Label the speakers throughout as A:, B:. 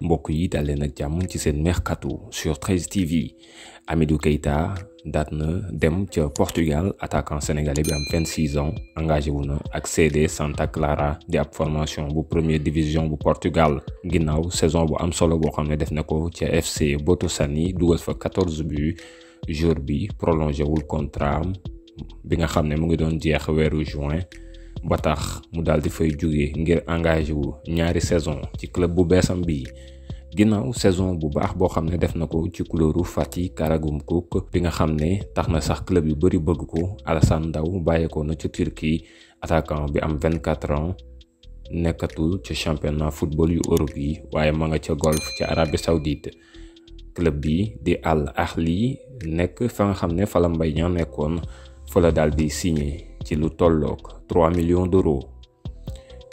A: mbokk yi dal ak jàmm ci sen mercato sur 13 TV Hamidou Keita datna dem ci Portugal attaquant sénégalais bi am 26 ans engagé wu ak CD Santa Clara di ab formation bu première division bu Portugal Ginnaw saison bu am solo boo xam def nako ci FC Botoçani dougal fa 14 buts jour bi prolongé wul contrat bi nga xamné ne mu ngi doon juin. ba tax mu daal fay jóge ngir engagé wu ñaari saison ci club bu bésam bi ginnaaw saison bu baax boo xam ne def na ko ci kulóoru Fatih Karagümrük bi nga xam ne tax na sax club yu bëri bëgg ko Alassane Ndao bàyyeekoo na ci Turquie attaquant bi am 24 ans nekkatul ci championnat football yu Europe yi waaye ma nga ca golf ci Arabie Saoudite club bi di Al Ahli nekk fa nga xam ne fa la Mbaye nekkoon fa la daal di signé ci lu tolloog 3 millions d'euros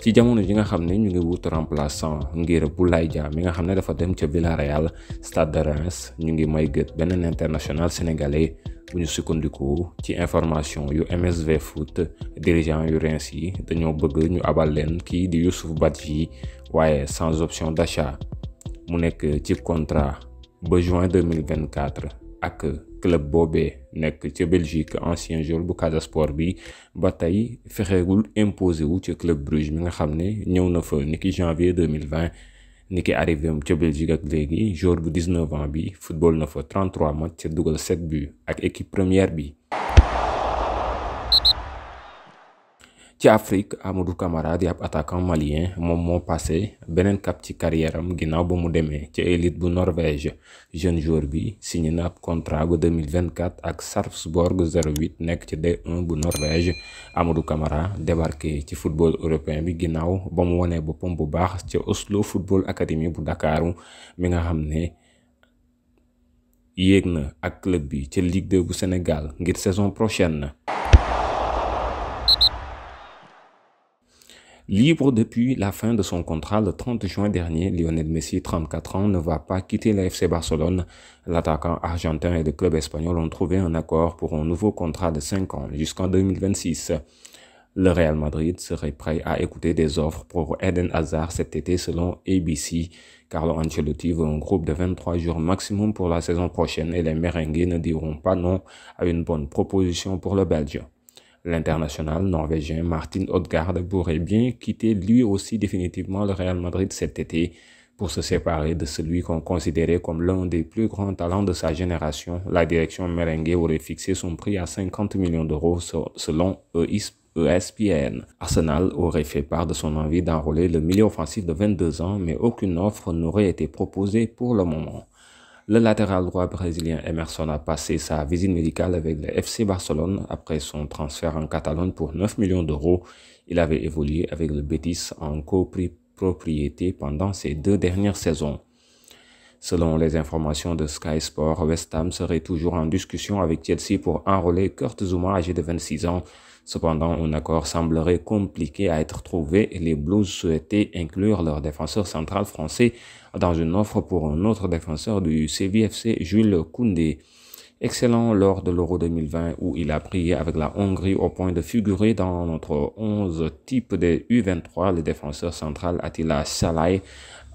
A: ci jamono ji nga xam ne ñu ngi wut remplaçant ngir lay Dia mi nga xam ne dafa dem ca Villarreal Stade de Reims ñu ngi may gët benn international sénégalais bu ñu sukkandiku ci information yu MSV Foot dirigeant yu Reims yi dañoo bëgg ñu abal leen kii di Youssouf Badji waaye sans option d'achat mu nekk ci contrat ba juin 2024 ak club Bobé, nek ci Belgique ancien joueur bu Casa Sport bi ba tey imposé wu club Bruges mi nga xamné ne na fa niki janvier 2020 niki arrivé au Belgique ak Légui, joueur bu 19 ans bi football na fa 33 matchs, 7 buts ak équipe première bi ci Afrique Amadou Camara di ab attaquant malien mom mo passé benen cap ci carrière am ginnaaw ba mu ci élite bu Norvège jeune joueur bi signé na contrat ba 2024 ak Sarpsborg 08 nek ci D1 bu Norvège Amadou Camara débarqué ci football européen bi ginnaaw ba mu wonee boppam bu baax Oslo Football Academy bu Dakarou mi nga xamné ne ak club bi ci Ligue 2 bu Sénégal ngir saison prochaine. Libre depuis la fin de son contrat le 30 juin dernier, Lionel Messi, 34 ans, ne va pas quitter la FC Barcelone. L'attaquant argentin et le club espagnol ont trouvé un accord pour un nouveau contrat de 5 ans jusqu'en 2026. Le Real Madrid serait prêt à écouter des offres pour Eden Hazard cet été selon ABC. Carlo Ancelotti veut un groupe de 23 jours maximum pour la saison prochaine et les merengues ne diront pas non à une bonne proposition pour le Belge. L'international norvégien Martin Odegaard pourrait bien quitter lui aussi définitivement le Real Madrid cet été pour se séparer de celui qu'on considérait comme l'un des plus grands talents de sa génération. La direction merengue aurait fixé son prix à 50 millions d'euros selon ESPN. Arsenal aurait fait part de son envie d'enrôler le milieu offensif de 22 ans, mais aucune offre n'aurait été proposée pour le moment. Le latéral droit brésilien Emerson a passé sa visite médicale avec le FC Barcelone après son transfert en Catalogne pour 9 millions d'euros. Il avait évolué avec le Betis en copropriété pendant ses deux dernières saisons. Selon les informations de Sky Sport, West Ham serait toujours en discussion avec Chelsea pour enrôler Kurt Zuma, âgé de 26 ans, Cependant, un accord semblerait compliqué à être trouvé et les Blues souhaitaient inclure leur défenseur central français dans une offre pour un autre défenseur du CVFC, Jules Koundé excellent lors de l'Euro 2020 où il a prié avec la Hongrie au point de figurer dans notre 11 type des U23 le défenseur central Attila Salai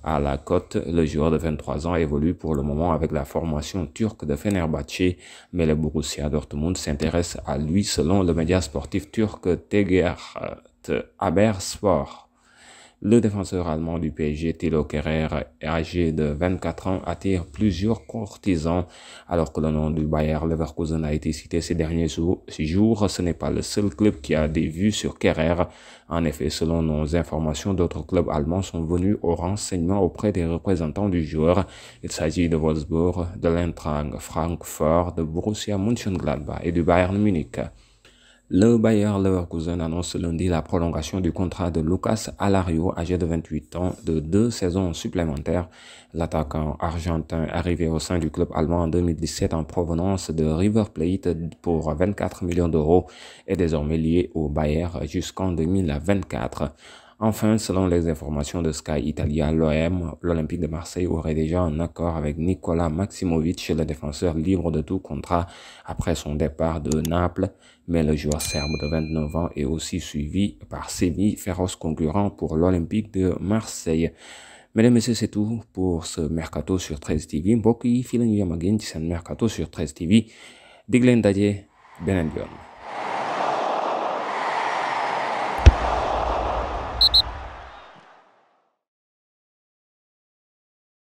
A: à la côte. Le joueur de 23 ans évolue pour le moment avec la formation turque de Fenerbahçe, mais le Borussia Dortmund s'intéresse à lui selon le média sportif turc Tegert Haberspor. Le défenseur allemand du PSG, Thilo Kerrer, âgé de 24 ans, attire plusieurs courtisans. Alors que le nom du Bayer Leverkusen a été cité ces derniers jours, ce n'est pas le seul club qui a des vues sur Kerrer. En effet, selon nos informations, d'autres clubs allemands sont venus au renseignement auprès des représentants du joueur. Il s'agit de Wolfsburg, de Lentrang, Frankfurt, de Borussia Mönchengladbach et du Bayern Munich. Le Bayer Leverkusen annonce lundi la prolongation du contrat de Lucas Alario, âgé de 28 ans, de deux saisons supplémentaires. L'attaquant argentin arrivé au sein du club allemand en 2017 en provenance de River Plate pour 24 millions d'euros est désormais lié au Bayer jusqu'en 2024. Enfin, selon les informations de Sky Italia, l'OM, l'Olympique de Marseille aurait déjà un accord avec Nicolas Maximovic, le défenseur libre de tout contrat après son départ de Naples, mais le joueur serbe de 29 ans est aussi suivi par Séville, féroce concurrent pour l'Olympique de Marseille. Mesdames et messieurs, c'est tout pour ce Mercato sur 13 TV. Mercato sur 13 TV